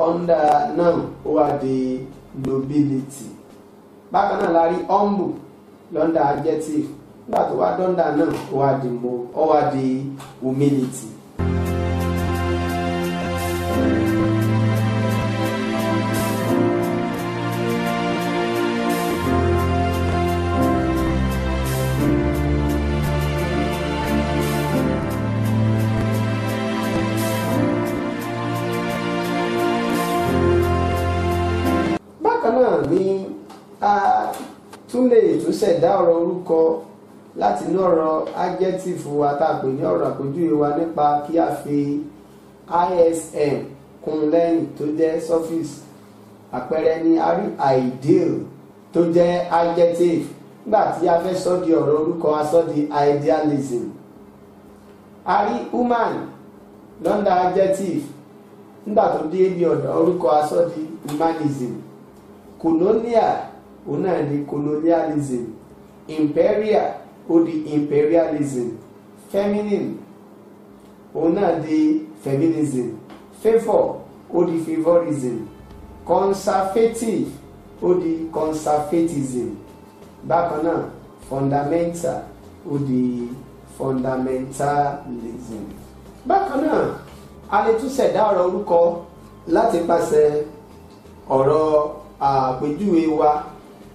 under náà ó wà di nobility bákan náà la rí humble adjective nígbà tó wá náà lè tún ṣẹ̀dá ọ̀rọ̀ orúkọ láti inú ọ̀rọ̀ adjective wa tá a pè ní ọ̀rọ̀ àpèjúwe wa nípa kí a fi ism kún lẹ́yìn tó jẹ́ suffix àpẹẹrẹ ni ari ideal tó jẹ́ adjective nígbà tí a fẹ́ sọ di ọ̀rọ̀ orúkọ a di idealism human lọ́ndà adjective nígbà tó dé ibi ọ̀dọ̀ orúkọ a sọ di humanism òun náà ni colonialism imperial ó di imperialism feminine òun náà di feminism favour o di favorism conservative o di conservatism bákan náà fundamental ó di fundamentalism bákan náà a lè tún ṣẹ̀dá ọ̀rọ̀ orúkọ láti pàṣẹ ọ̀rọ̀ àpèjúwe wa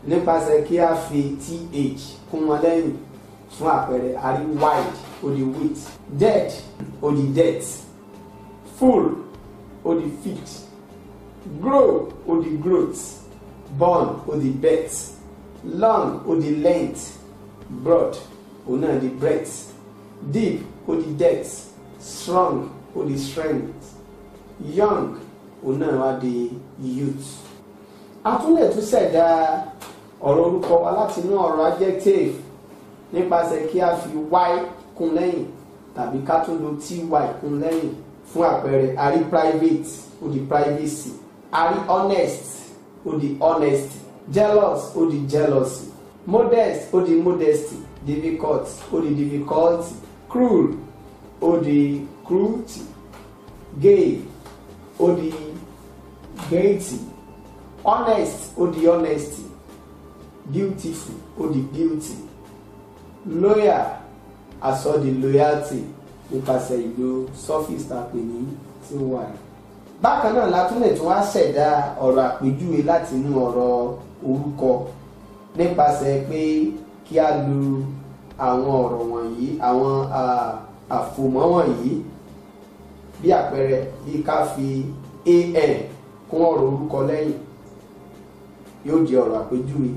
nípasẹ̀ kí a fi th kún wọn lẹ́yìn fún àpẹẹrẹ a rí wide ó di width dead ó di depth full ó di fit grow ó di growth born ó di birth long ó di length broad òun náà di breadth deep ó di depth strong ó di strength young òun náà wá di youth. a tún lè ṣẹ̀dá ọ̀rọ̀ orúkọ wa láti inú ọ̀rọ̀ adjective nípasẹ̀ kí a fi y kún lẹ́yìn tàbí ká tún lo ty kún lẹ́yìn fún àpẹẹrẹ a rí private ó di privacy a rí honest ó di honesty jealous ó di jealousy modest ó di modesty difficult ó di difficulty cruel ó di cruelty gay ó di gaiety honest ó di honesty beautiful ó the beauty. Lawyer, aso the loyalty nípasẹ̀ ìlò surface tá a pè ní tí ó wà ní. bákan náà la tún lè tún wá ṣẹ̀dá ọ̀rọ̀ àpèjúwe láti inú ọ̀rọ̀ orúkọ nípasẹ̀ pé kí a lu àwọn ọ̀rọ̀ wọ̀nyí àwọn àfòmọ́ wọ̀nyí bí àpẹẹrẹ bí ká fi an kún ọ̀rọ̀ orúkọ lẹ́yìn yóò jẹ́ ọ̀rọ̀ àpèjúwe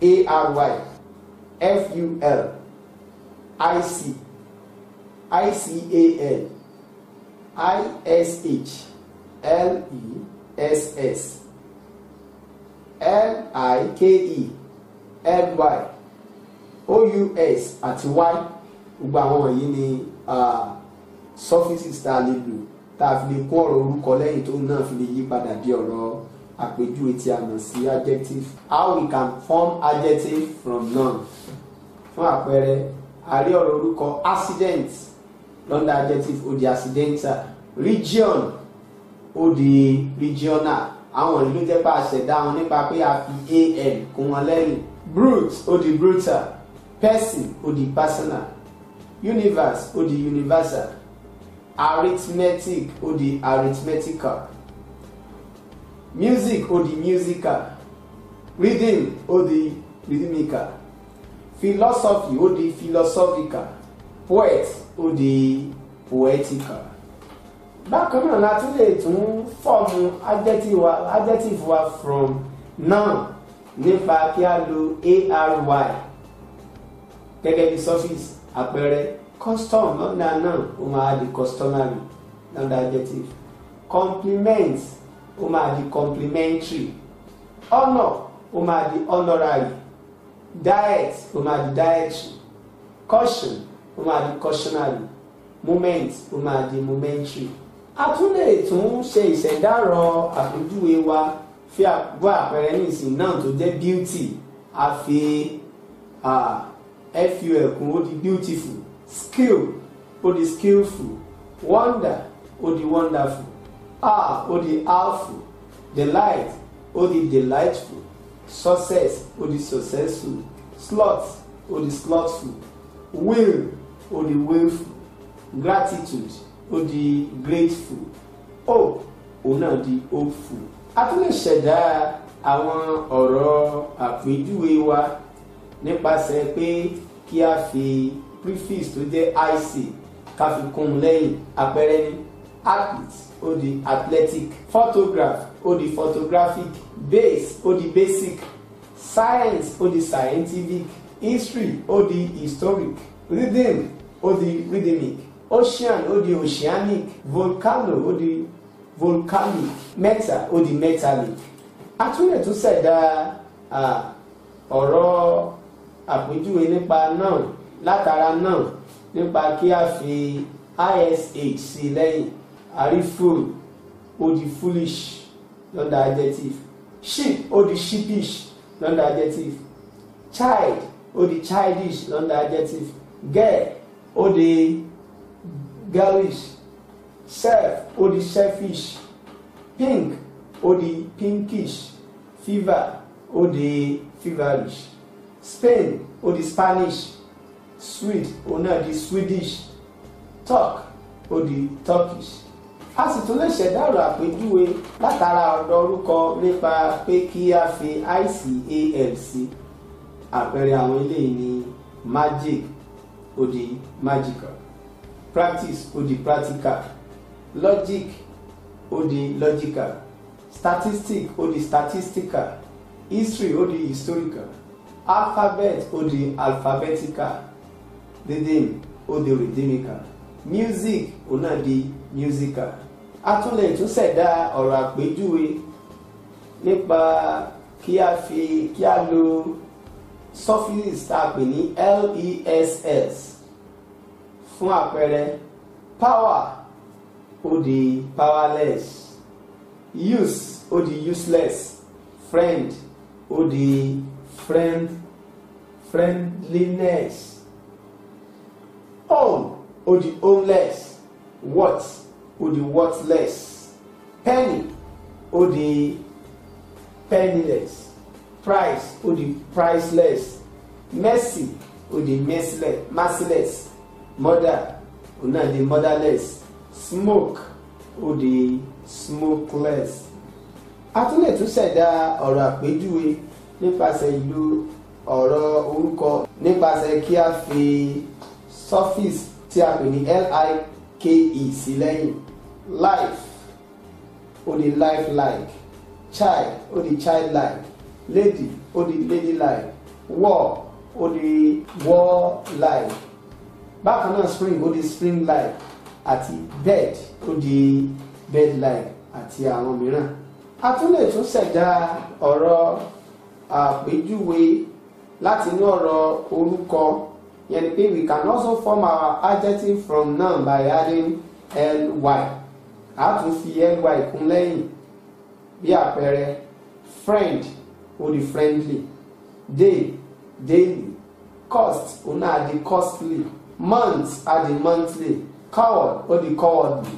A R Y F U L I C I C A L I S H L E S S L I K E L Y O U S àti Y gbogbo àwọn wọ̀nyí ni suffixes tá a lè lò tá a fi lè kó ọ̀rọ̀ orúkọ lẹ́yìn tó náà fi lè yí padà di ọ̀rọ̀ àpèjúwe tí a mọ̀ sí adjective how we can form adjective from noun fún àpẹẹrẹ àrí ọ̀rọ̀ orúkọ accident lọ́ndà adjective ó di accidental region ó di regional àwọn ìlú jẹ́ bá a ṣẹ̀dá wọn nípa pé a fi al kún wọn lẹ́yìn brute ó di brutal person ó di personal universe ó di universal arithmetic ó di arithmetical music or the musical rhythm or the rhythmical philosophy or the philosophical poet or the poetical bákan náà la tún lè tún fọ́ọ̀mù adjective wa from noun nípa kí a lo ary gẹ́gẹ́ bí surface àpẹẹrẹ custom lọ́dà náà ó máa di customary lọ́dà adjective complement ó máa di complimentary, honour ó máa di honorary diet ó máa di dietary caution ó máa di cautionary moment ó máa di momentary a tún lè tún ṣe ìṣẹ̀dárọ̀ àpèjúwe wa fi àbúrò àpẹẹrẹ ní ìsìn náà tó jẹ́ beauty a fi ful kún ó di beautiful skill ó di skillful wonder ó di wonderful Ah, ó the halful. Delight ó the delightful. Success ó the successful. Sloth ó the slothful. Will ó the willful. Gratitude ó the grateful. Hope òun now the hopeful. A tún lè ṣẹ̀dá àwọn ọ̀rọ̀ àpèjúwe wa nípasẹ̀ pé kí a fi prefix tó jẹ́ ic ká fi kún un lẹ́yìn àpẹẹrẹ ni athlete ó di athletic photograph ó di photographic base ó di basic science ó di scientific history ó di historic rhythm ó di rhythmic ocean ó di oceanic volcano ó di volcanic metal ó di metallic atúnyẹ̀ tún ṣẹ̀dá ọ̀rọ̀ àpèjúwe nípa náà látara náà nípa kí a fi ish sí lẹ́yìn ariful ó di foolish lọ́dọ̀ adjective sheep ó di sheepish lọ́dọ̀ adjective child ó di childish lọ́dọ̀ adjective girl ó di girlish self ó di selfish pink ó di pinkish fever ó di feverish Spain ó di Spanish Swede ó náà di Swedish talk ó di Turkish a sì tún lè ṣẹ̀dá ọ̀rọ̀ àpèjúwe látara ọ̀dọ̀ orúkọ nípa pé kí a fi ical sí àpẹẹrẹ àwọn eléyìí ní magic odi magical practice odi practical logic odi logical statistic odi statistical history odi historical alphabet odi alphabetical rhythm odi di rhythmical music ona náà di musical a tún lè tún ṣẹ̀dá ọ̀rọ̀ àpèjúwe nípa kí a fi kí a lo suffix tá a pè ní less fún àpẹẹrẹ power ó di powerless use ó di useless friend ó di friend friendliness home ó di homeless what ó di worthless penny ó di penniless price ó di priceless mercy ó di merciless mother ó náà di motherless smoke ó di smokeless a tún lè tún ṣẹ̀dá ọ̀rọ̀ àpèjúwe nípasẹ̀ ìlú ọ̀rọ̀ orúkọ nípasẹ̀ kí a fi suffix tí a pè ní li ke sí lẹ́yìn life ó di life like child ó di child like lady ó di lady like war ó di war like bákan náà spring ó di spring like àti bed ó di bed like àti àwọn mìíràn a tún lè tún ṣẹ̀dá ọ̀rọ̀ àpèjúwe látinú ọ̀rọ̀ orúkọ yẹn ni pé we can also form our adjective from noun by adding ly a tún fi ly kún lẹ́yìn bí àpẹẹrẹ friend ó di friendly day daily cost ó náà di costly month á di monthly coward ó di cowardly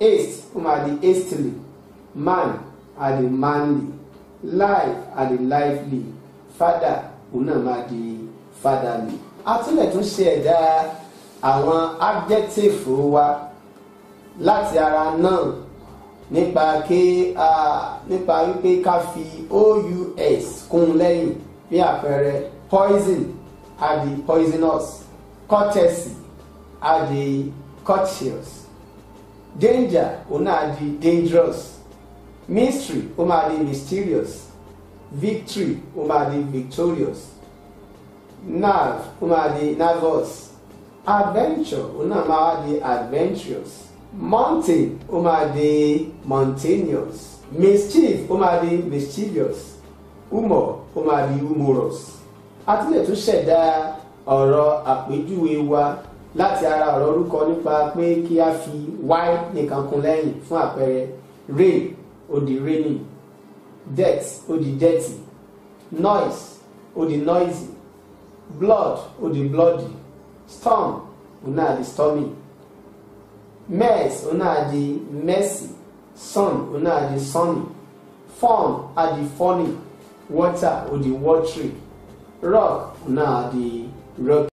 haste ó máa di hastily man á di manly life á di lively father ó náà máa di fatherly atúlẹ̀ tún ṣe ẹ̀dá àwọn adjective wa láti ara náà nípa ké nípa wípé ká fi ous kún lẹ́yìn bí àpẹẹrẹ poison á poisonous courtesy á courteous danger òun náà di dangerous mystery ó máa di mysterious victory ó máa di victorious nerve ó di nervous adventure ó náà di adventurous mountain ó di mountainous mischief ó di mischievous humor ó máa di humorous a tún lè tún ṣẹ̀dá ọ̀rọ̀ àpèjúwe wa láti ara ọ̀rọ̀ orúkọ nípa pé kí a fi y nìkan kún lẹ́yìn fún àpẹẹrẹ rain ó di raining dirt ó di dirty noise ó di noisy blood ó di bloody storm ó na di stormy mess ó na di messy sun ó na di sunny fun á di funny water ó di watery rock ó na di rocky.